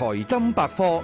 財金百科。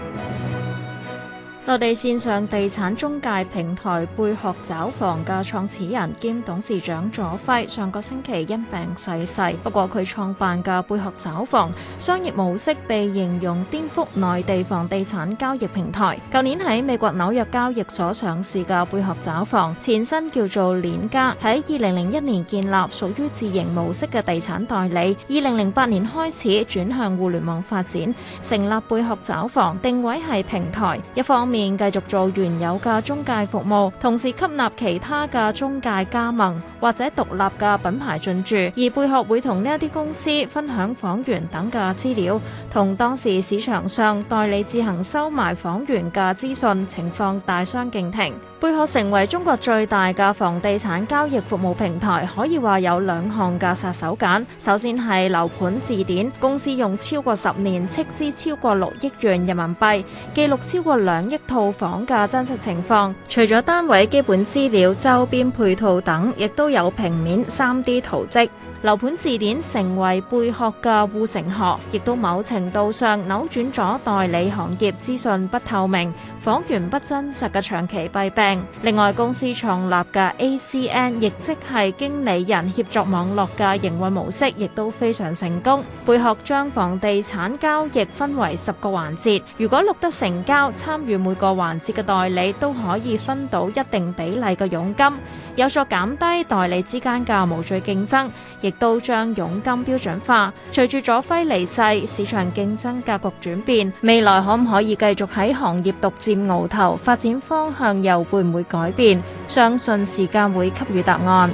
內地線上地產中介平台貝殼找房嘅創始人兼董事長左暉上個星期因病逝世，世。不過佢創辦嘅貝殼找房商業模式被形容顛覆內地房地產交易平台。舊年喺美國紐約交易所上市嘅貝殼找房，前身叫做鏈家，喺二零零一年建立，屬於自營模式嘅地產代理。二零零八年開始轉向互聯網發展，成立貝殼找房，定位係平台，一方面。繼續做原有嘅中介服務，同時吸納其他嘅中介加盟或者獨立嘅品牌進駐。而貝殼會同呢一啲公司分享房源等嘅資料，同當時市場上代理自行收埋房源嘅資訊情況大相徑庭。貝殼成為中國最大嘅房地產交易服務平台，可以話有兩項嘅殺手鐧。首先係樓盤字典，公司用超過十年斥資超過六億元人民幣，記錄超過兩億。套房嘅真實情況，除咗單位基本資料、周邊配套等，亦都有平面 3D 圖迹。樓盤字典成為貝殼嘅護城河，亦都某程度上扭轉咗代理行業資訊不透明、房源不真實嘅長期弊病。另外，公司創立嘅 ACN，亦即係經理人協作網絡嘅營運模式，亦都非常成功。貝殼將房地產交易分為十個環節，如果錄得成交，參與每個環節嘅代理都可以分到一定比例嘅佣金，有助減低代理之間嘅無序競爭，亦都將佣金標準化。隨住左暉離世，市場競爭格局轉變，未來可唔可以繼續喺行業獨佔鰲頭？發展方向又會唔會改變？相信時間會給予答案。